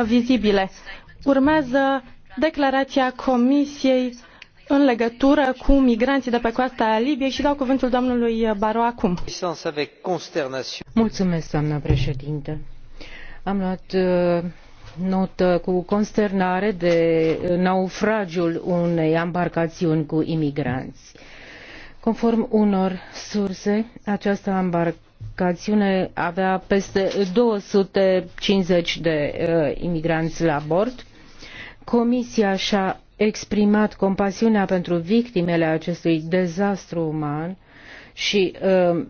vizibile. Urmează declarația Comisiei în legătură cu migranții de pe coasta Libiei și dau cuvântul domnului Baro acum. Mulțumesc, doamna președinte. Am luat uh, notă cu consternare de uh, naufragiul unei embarcațiuni cu imigranți. Conform unor surse, această embarcațiune embarcațiune avea peste 250 de uh, imigranți la bord. Comisia și-a exprimat compasiunea pentru victimele acestui dezastru uman și uh,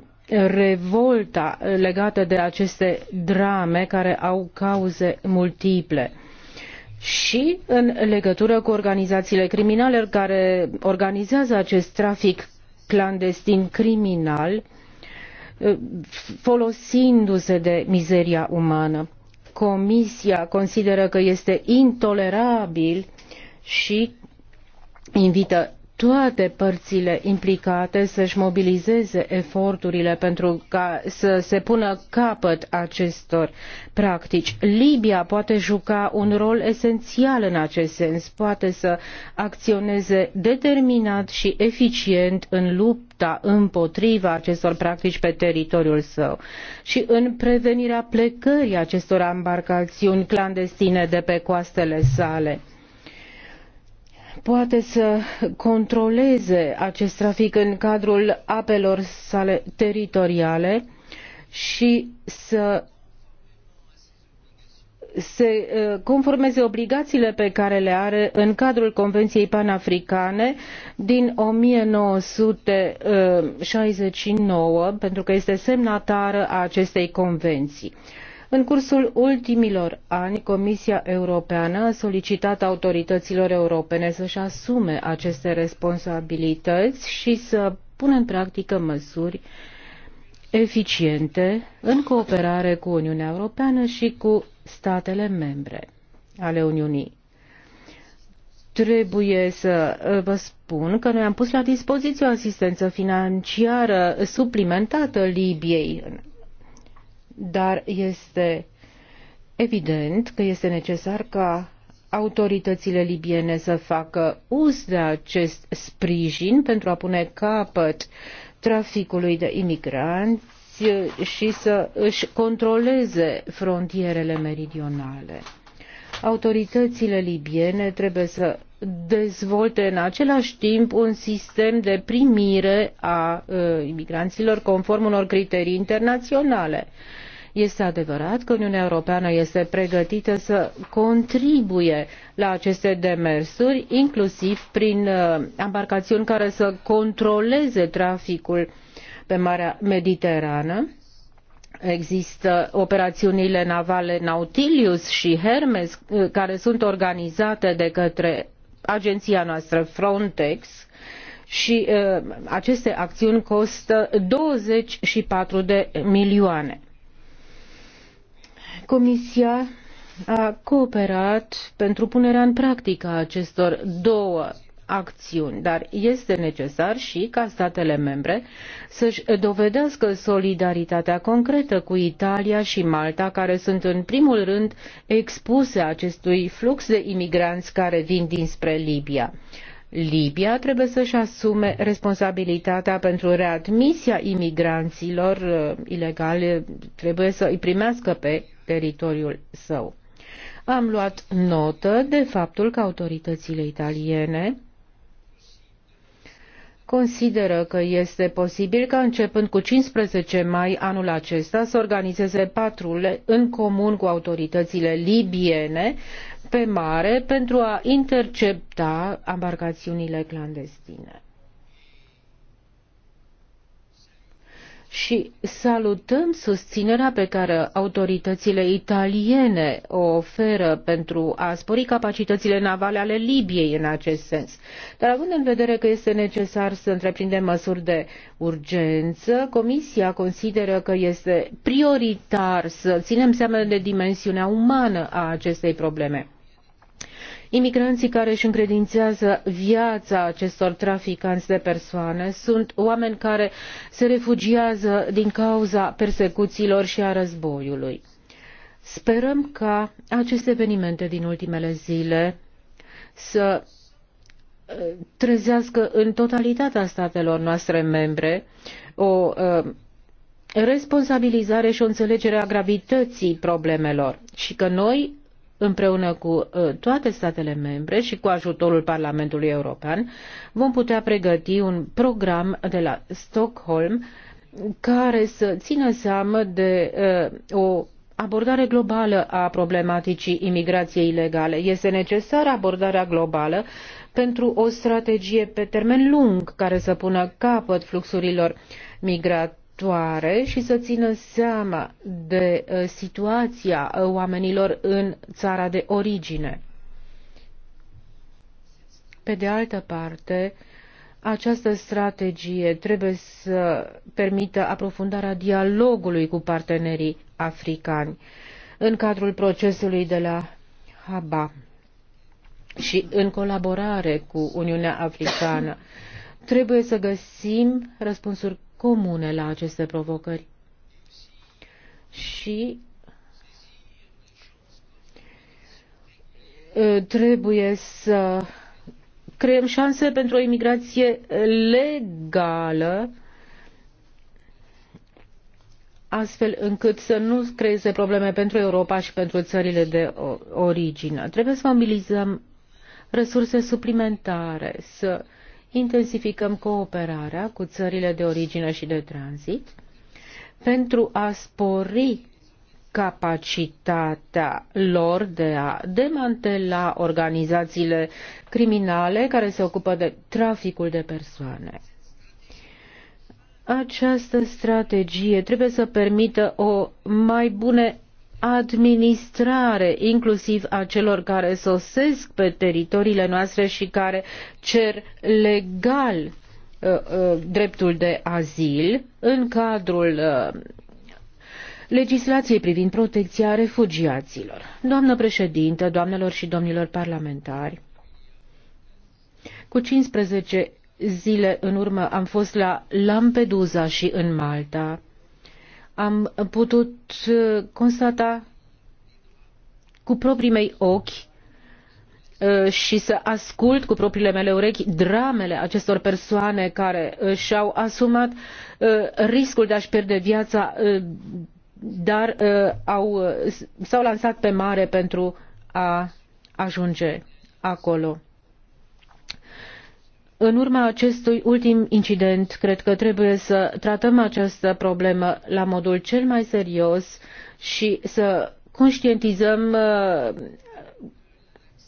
revolta legată de aceste drame care au cauze multiple și în legătură cu organizațiile criminale care organizează acest trafic clandestin criminal uh, folosindu-se de mizeria umană. Comisia consideră că este intolerabil și invită toate părțile implicate să-și mobilizeze eforturile pentru ca să se pună capăt acestor practici. Libia poate juca un rol esențial în acest sens, poate să acționeze determinat și eficient în lupta împotriva acestor practici pe teritoriul său și în prevenirea plecării acestor embarcațiuni clandestine de pe coastele sale poate să controleze acest trafic în cadrul apelor sale teritoriale și să se uh, conformeze obligațiile pe care le are în cadrul Convenției Panafricane din 1969, uh, pentru că este semnatară a acestei convenții. În cursul ultimilor ani, Comisia Europeană a solicitat autorităților europene să-și asume aceste responsabilități și să pună în practică măsuri eficiente în cooperare cu Uniunea Europeană și cu statele membre ale Uniunii. Trebuie să vă spun că noi am pus la dispoziție o asistență financiară suplimentată Libiei dar este evident că este necesar ca autoritățile libiene să facă uz de acest sprijin pentru a pune capăt traficului de imigranți și să își controleze frontierele meridionale. Autoritățile libiene trebuie să dezvolte în același timp un sistem de primire a uh, imigranților conform unor criterii internaționale. Uh, este adevărat că Uniunea Europeană este pregătită să contribuie la aceste demersuri, inclusiv prin uh, embarcațiuni care să controleze traficul pe Marea Mediterană. Există operațiunile navale Nautilius și Hermes uh, care sunt organizate de către agenția noastră Frontex și uh, aceste acțiuni costă 24 de milioane. Comisia a cooperat pentru punerea în practică a acestor două acțiuni, dar este necesar și ca statele membre să-și dovedească solidaritatea concretă cu Italia și Malta, care sunt în primul rând expuse acestui flux de imigranți care vin dinspre Libia. Libia trebuie să-și asume responsabilitatea pentru readmisia imigranților uh, ilegale, trebuie să îi primească pe teritoriul său. Am luat notă de faptul că autoritățile italiene consideră că este posibil ca începând cu 15 mai anul acesta să organizeze patrule în comun cu autoritățile libiene pe mare pentru a intercepta embarcațiunile clandestine. și salutăm susținerea pe care autoritățile italiene o oferă pentru a spori capacitățile navale ale Libiei în acest sens. Dar având în vedere că este necesar să întreprindem măsuri de urgență, Comisia consideră că este prioritar să ținem seama de dimensiunea umană a acestei probleme. Imigranții care își încredințează viața acestor traficanți de persoane sunt oameni care se refugiază din cauza persecuțiilor și a războiului. Sperăm ca aceste evenimente din ultimele zile să uh, trezească în totalitatea statelor noastre membre o uh, responsabilizare și o înțelegere a gravității problemelor și că noi împreună cu uh, toate statele membre și cu ajutorul Parlamentului European, vom putea pregăti un program de la Stockholm care să țină seamă de uh, o abordare globală a problematicii imigrației ilegale. Este necesară abordarea globală pentru o strategie pe termen lung care să pună capăt fluxurilor migrate viitoare și să țină seama de uh, situația uh, oamenilor în țara de origine. Pe de altă parte, această strategie trebuie să permită aprofundarea dialogului cu partenerii africani în cadrul procesului de la Haba și în colaborare cu Uniunea Africană. Trebuie să găsim răspunsuri comune la aceste provocări. Și trebuie să creăm șanse pentru o imigrație legală, astfel încât să nu creeze probleme pentru Europa și pentru țările de origine. Trebuie să mobilizăm resurse suplimentare, să uh, intensificăm cooperarea cu țările de origine și de tranzit pentru a spori capacitatea lor de a demantela organizațiile criminale care se ocupă de traficul de persoane. Această strategie trebuie să permită o mai bună administrare, inclusiv a celor care sosesc pe teritoriile noastre și care cer legal uh, uh, dreptul de azil în cadrul uh, legislației privind protecția refugiaților. Doamnă președintă, doamnelor și domnilor parlamentari, cu 15 zile în urmă am fost la Lampedusa și în Malta am putut uh, constata cu proprii mei ochi uh, și să ascult cu propriile mele urechi dramele acestor persoane care uh, și-au asumat riscul de a-și pierde viața, dar au, s-au lansat pe mare pentru a ajunge acolo. În urma acestui ultim incident, cred că trebuie să tratăm această problemă la modul cel mai serios și să conștientizăm uh,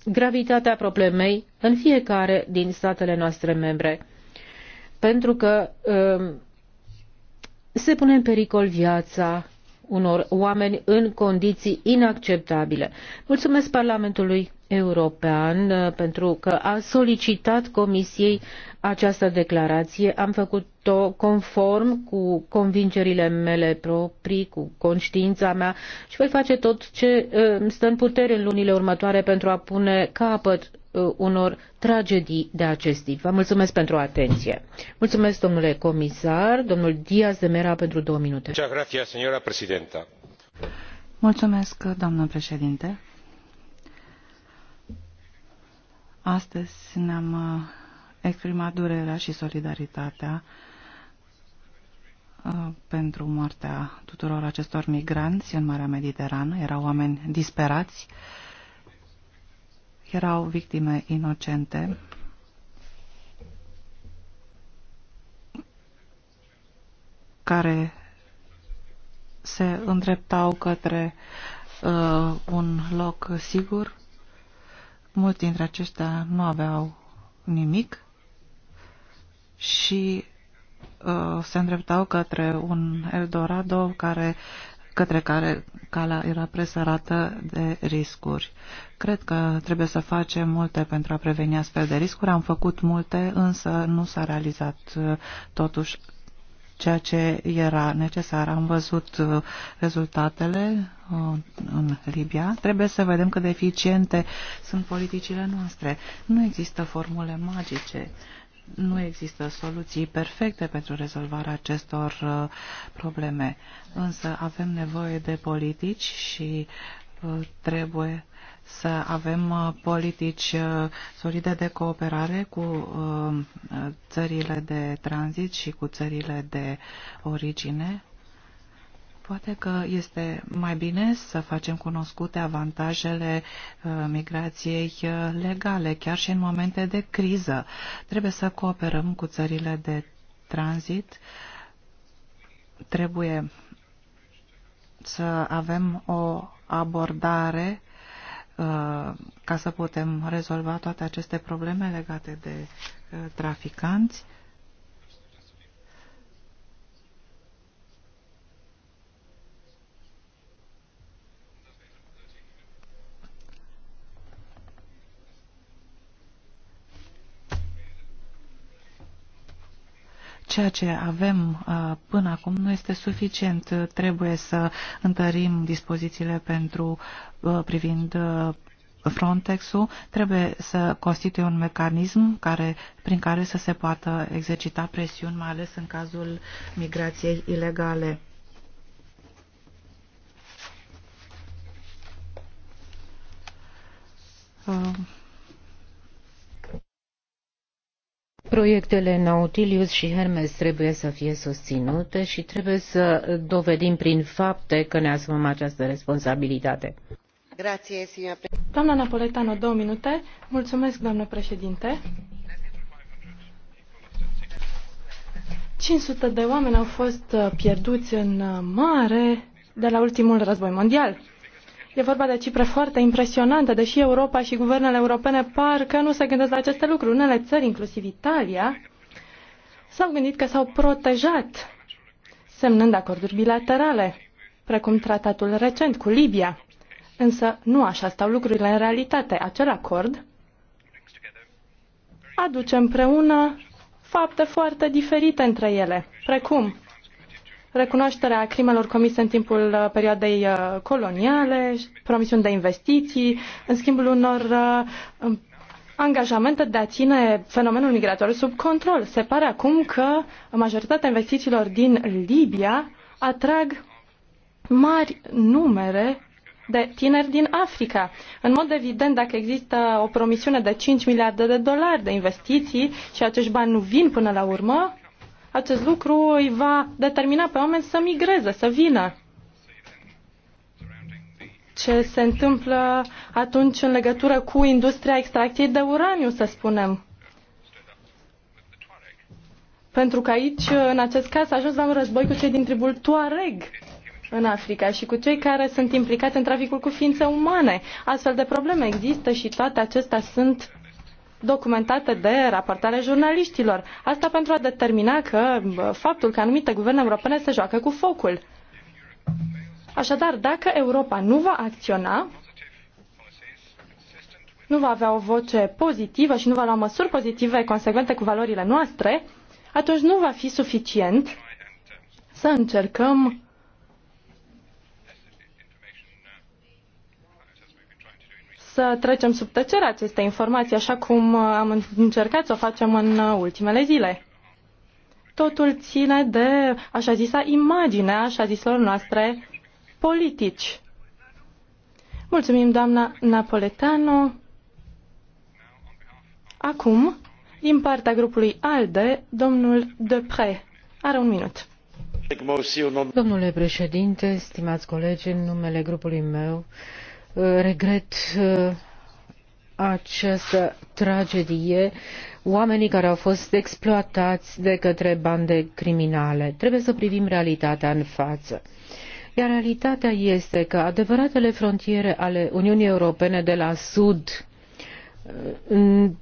gravitatea problemei în fiecare din statele noastre membre. Pentru că uh, se pune în pericol viața unor oameni în condiții inacceptabile. Mulțumesc Parlamentului European uh, pentru că a solicitat Comisiei această declarație. Am făcut-o conform cu convingerile mele proprii, cu conștiința mea și voi face tot ce uh, stă în putere în lunile următoare pentru a pune capăt Uh, unor tragedii de acest tip. Vă mulțumesc pentru atenție. Mulțumesc, domnule comisar, domnul Diaz de Mera, pentru două minute. Mulțumesc, doamnă președinte. Astăzi ne-am uh, exprimat durerea și solidaritatea uh, pentru moartea tuturor acestor migranți în Marea Mediterană. Erau oameni disperați, uh, erau victime inocente. care se îndreptau către uh, un loc sigur. Mulți dintre aceștia nu aveau nimic și uh, se îndreptau către un Eldorado care către care calea era presărată de riscuri. Cred că trebuie să facem multe pentru a preveni astfel de riscuri. Am făcut multe, însă nu s-a realizat uh, totuși ceea ce era necesar. Am văzut uh, rezultatele uh, în Libia. Trebuie să vedem cât de eficiente sunt politicile noastre. Nu există formule magice. Nu există soluții perfecte pentru rezolvarea acestor uh, probleme, însă avem nevoie de politici și uh, trebuie să avem uh, politici solide de cooperare cu țările de tranzit și cu țările de origine Poate că este mai bine să facem cunoscute avantajele uh, migrației uh, legale, chiar și în momente de criză. Trebuie să cooperăm cu țările de tranzit. Trebuie să avem o abordare uh, ca să putem rezolva toate aceste probleme legate de traficanți ceea ce avem uh, până acum nu este suficient. Trebuie să întărim dispozițiile pentru uh, privind uh, Frontex-ul trebuie să constituie un mecanism care, prin care să se poată exercita presiuni, mai ales în cazul migrației ilegale. Proiectele Nautilius și Hermes trebuie să fie susținute și trebuie să dovedim prin fapte că ne asumăm această responsabilitate. Grație, doamna Napoletano, două minute. Mulțumesc, doamnă președinte. 500 de oameni au fost uh, pierduți în uh, mare de la ultimul război mondial. E vorba de cifre foarte impresionante, deși Europa și guvernele europene par că nu se gândesc la aceste lucruri. Unele țări, inclusiv Italia, s-au gândit că s-au protejat semnând acorduri bilaterale, precum tratatul recent cu Libia. Însă nu așa stau lucrurile în realitate. Acel acord aduce împreună fapte foarte diferite între ele, precum recunoașterea crimelor comise în timpul uh, perioadei uh, coloniale, promisiuni de investiții, în schimbul unor uh, um, angajamente de a ține fenomenul migratoriu sub control. Se pare acum că majoritatea investițiilor din Libia atrag mari numere de tineri din Africa. În mod evident, dacă există o promisiune de 5 miliarde de dolari de investiții și acești bani nu vin până la urmă, acest lucru îi va determina pe oameni să migreze, să vină. Ce se întâmplă atunci în legătură cu industria extracției de uraniu, să spunem? Pentru că aici, în acest caz, a ajuns la un război cu cei din tribul Tuareg în Africa și cu cei care sunt implicați în traficul cu ființe umane. Astfel de probleme există și toate acestea sunt documentate de raportarea jurnaliștilor. Asta pentru a determina că faptul că anumite guverne europene se joacă cu focul. Așadar, dacă Europa nu va acționa, nu va avea o voce pozitivă și nu va lua măsuri pozitive consecvente cu valorile noastre, atunci nu va fi suficient să încercăm să trecem sub tăcere aceste informații, așa cum uh, am încercat să o facem în uh, ultimele zile. Totul ține de așa zisa imaginea, așa ziselor noastre politici. Mulțumim, doamna Napoletano. Acum, din partea grupului ALDE, domnul Depre. Are un minut. Domnule președinte, stimați colegi, în numele grupului meu, regret uh, această tragedie, oamenii care au fost exploatați de către bande criminale. Trebuie să privim realitatea în față. Iar realitatea este că adevăratele frontiere ale Uniunii Europene de la sud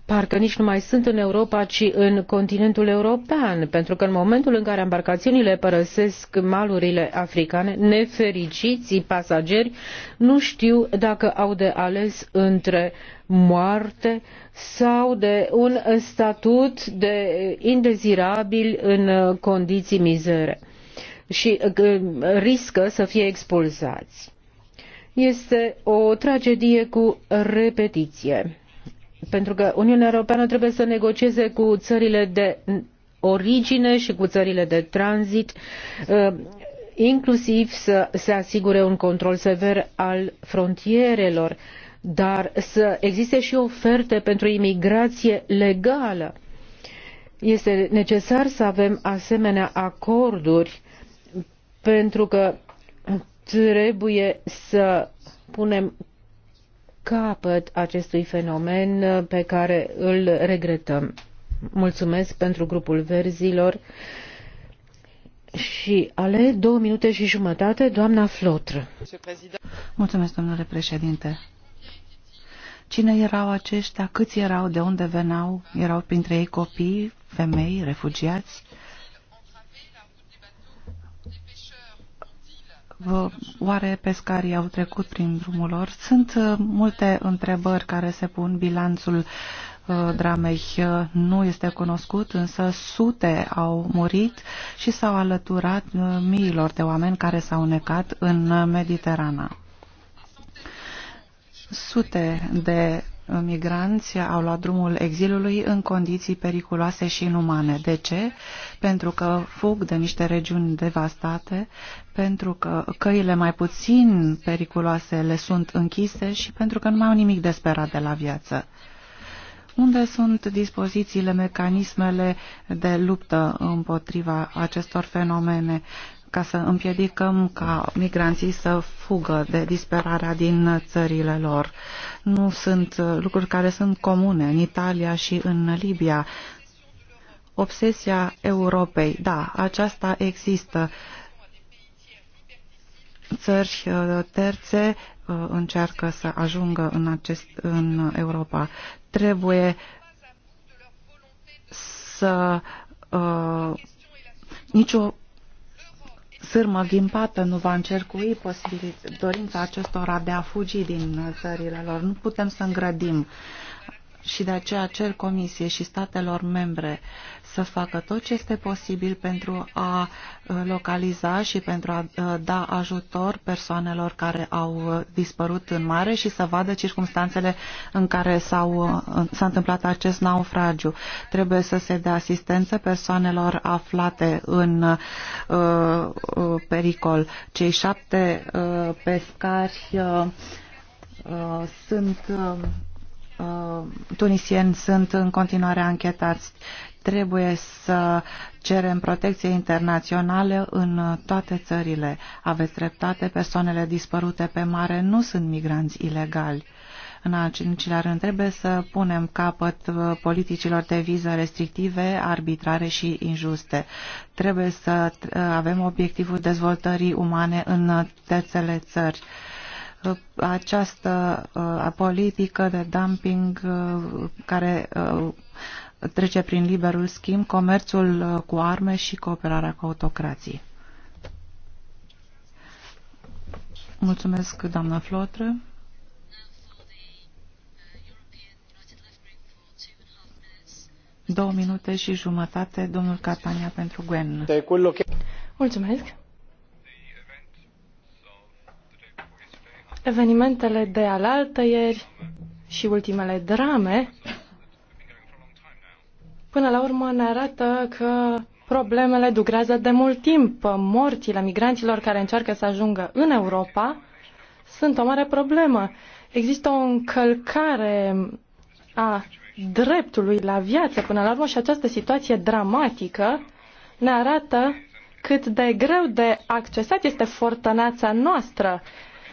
parcă nici nu mai sunt în Europa, ci în continentul european, pentru că în momentul în care embarcațiunile părăsesc malurile africane, nefericiții pasageri nu știu dacă au de ales între moarte sau de un statut de indezirabil în condiții mizere și uh, riscă să fie expulzați. Este o tragedie cu repetiție pentru că Uniunea Europeană trebuie să negocieze cu țările de origine și cu țările de tranzit, uh, inclusiv să se asigure un control sever al frontierelor, dar să existe și oferte pentru imigrație legală. Este necesar să avem asemenea acorduri pentru că trebuie să punem capăt acestui fenomen uh, pe care îl regretăm. Mulțumesc pentru grupul verzilor și ale două minute și jumătate, doamna Flotr. Mulțumesc, domnule președinte. Cine erau aceștia, câți erau, de unde veneau, erau printre ei copii, femei, refugiați? Oare pescarii au trecut prin drumul lor? Sunt uh, multe întrebări care se pun. Bilanțul uh, dramei uh, nu este cunoscut, însă sute au murit și s-au alăturat miilor de oameni care s-au necat în Mediterana. Sute de migranți au luat drumul exilului în condiții periculoase și inumane. De ce? Pentru că fug de niște regiuni devastate, pentru că căile mai puțin periculoase le sunt închise și pentru că nu mai au nimic de sperat de la viață. Unde sunt dispozițiile, mecanismele de luptă împotriva acestor fenomene? ca să împiedicăm ca migranții să fugă de disperarea din țările lor. Nu sunt uh, lucruri care sunt comune în Italia și în Libia. Obsesia Europei, da, aceasta există. Țări uh, terțe uh, încearcă să ajungă în, acest, în Europa. Trebuie să uh, nicio sârmă ghimpată nu va încercui posibil, dorința acestora de a fugi din țările lor. Nu putem să îngrădim și de aceea cer Comisie și statelor membre să facă tot ce este posibil pentru a uh, localiza și pentru a uh, da ajutor persoanelor care au uh, dispărut în mare și să vadă circunstanțele în care s-a întâmplat acest naufragiu. Trebuie să se dea asistență persoanelor aflate în uh, uh, pericol. Cei șapte uh, pescari uh, uh, sunt uh, Uh, tunisieni sunt în continuare anchetați. Trebuie să cerem protecție internațională în toate țările. Aveți dreptate, persoanele dispărute pe mare nu sunt migranți ilegali. În al rând, trebuie să punem capăt uh, politicilor de viză restrictive, arbitrare și injuste. Trebuie să uh, avem obiectivul dezvoltării umane în terțele țări Uh, această uh, politică de dumping uh, care trece prin liberul schimb, comerțul cu arme și cooperarea cu autocrații. Mulțumesc, doamna Flotră. Două minute și jumătate, domnul Catania pentru Gwen. Mulțumesc. Evenimentele de ieri și ultimele drame, până la urmă ne arată că problemele durează de mult timp. Morțile migranților care încearcă să ajungă în Europa sunt o mare problemă. Există o încălcare a dreptului la viață până la urmă și această situație dramatică ne arată cât de greu de accesat este fortăneața noastră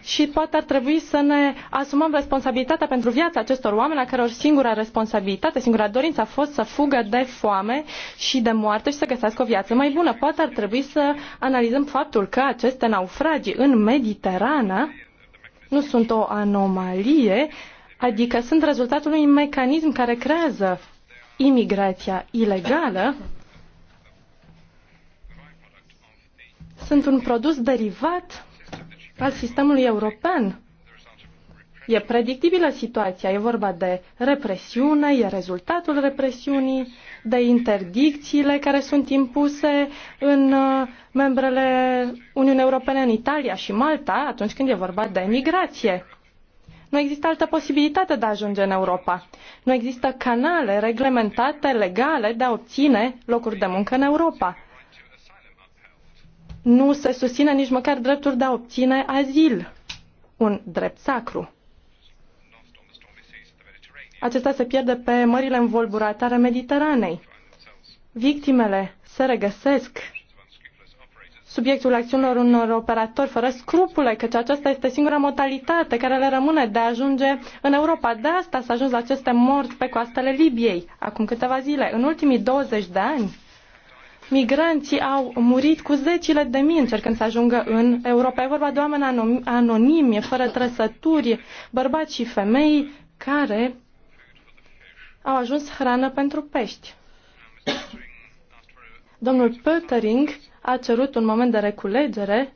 și poate ar trebui să ne asumăm responsabilitatea pentru viața acestor oameni, a căror singura responsabilitate, singura dorință a fost să fugă de foame și de moarte și să găsească o viață mai bună. Poate ar trebui să analizăm faptul că aceste naufragii în Mediterana nu sunt o anomalie, adică sunt rezultatul unui mecanism care creează imigrația ilegală, sunt un produs derivat al sistemului european. E predictibilă situația, e vorba de represiune, e rezultatul represiunii, de interdicțiile care sunt impuse în uh, membrele Uniunii Europene în Italia și Malta atunci când e vorba de migrație. Nu există altă posibilitate de a ajunge în Europa. Nu există canale reglementate, legale, de a obține locuri de muncă în Europa nu se susține nici măcar dreptul de a obține azil, un drept sacru. Acesta se pierde pe mările învolburate ale Mediteranei. Victimele se regăsesc subiectul acțiunilor unor operatori fără scrupule, căci aceasta este singura modalitate care le rămâne de a ajunge în Europa. De asta s-a ajuns la aceste morți pe coastele Libiei acum câteva zile. În ultimii 20 de ani, migranții au murit cu zecile de mii încercând să ajungă în Europa. E vorba de oameni anonimi, fără trăsături, bărbați și femei care au ajuns hrană pentru pești. Domnul Pöttering a cerut un moment de reculegere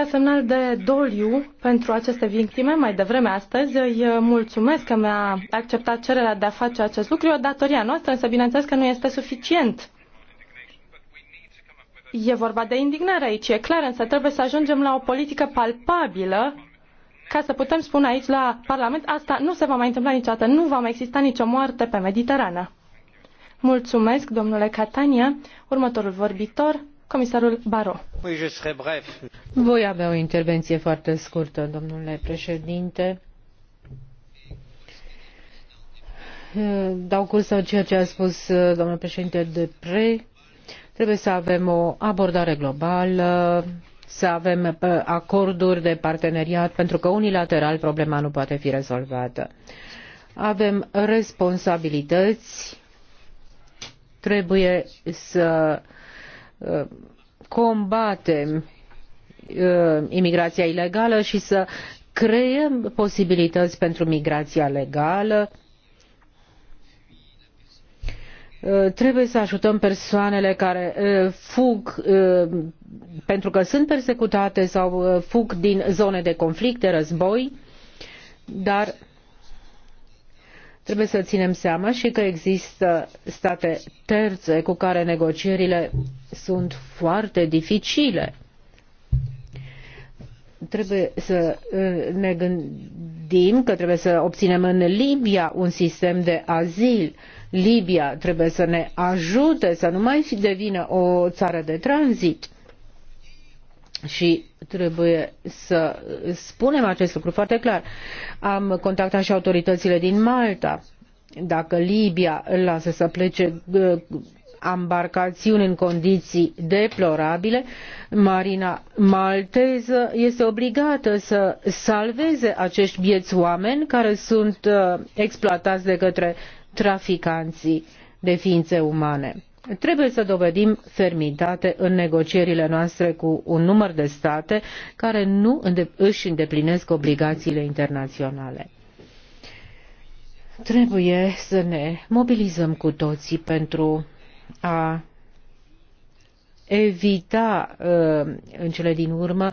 ca semnal de doliu pentru aceste victime, mai devreme astăzi, îi uh, mulțumesc că mi-a acceptat cererea de a face acest lucru. E o datoria noastră, însă bineînțeles că nu este suficient. E vorba de indignare aici, e clar, însă trebuie să ajungem la o politică palpabilă ca să putem spune aici la Parlament, asta nu se va mai întâmpla niciodată, nu va mai exista nicio moarte pe Mediterană. Mulțumesc, domnule Catania. Următorul vorbitor comisarul Baro. Voi avea o intervenție foarte scurtă, domnule președinte. Dau curs la ceea ce a spus domnul președinte de pre. Trebuie să avem o abordare globală, să avem uh, acorduri de parteneriat, pentru că unilateral problema nu poate fi rezolvată. Avem responsabilități, trebuie să combatem uh, imigrația ilegală și să creăm posibilități pentru migrația legală. Uh, trebuie să ajutăm persoanele care uh, fug pentru că sunt persecutate sau fug din zone de conflict, de război, dar trebuie să ținem seama și că există state terțe cu care negocierile sunt foarte dificile. Trebuie să uh, ne gândim că trebuie să obținem în Libia un sistem de azil. Libia trebuie să ne ajute să nu mai devină o țară de tranzit. Și trebuie să spunem acest lucru foarte clar. Am contactat și autoritățile din Malta. Dacă Libia lasă să plece uh, ambarcațiuni în condiții deplorabile, marina malteză este obligată să salveze acești bieți oameni care sunt uh, exploatați de către traficanții de ființe umane. Trebuie să dovedim fermitate în negocierile noastre cu un număr de state care nu își îndeplinesc obligațiile internaționale. Trebuie să ne mobilizăm cu toții pentru a evita ă, în cele din urmă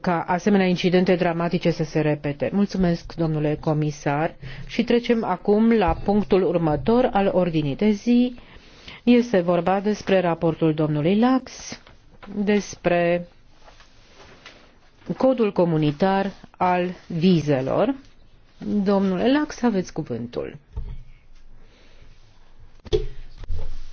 ca asemenea incidente dramatice să se repete. Mulțumesc, domnule comisar, și trecem acum la punctul următor al ordinii de zi. Este vorba despre raportul domnului Lax, despre codul comunitar al vizelor. Domnule Lax, aveți cuvântul.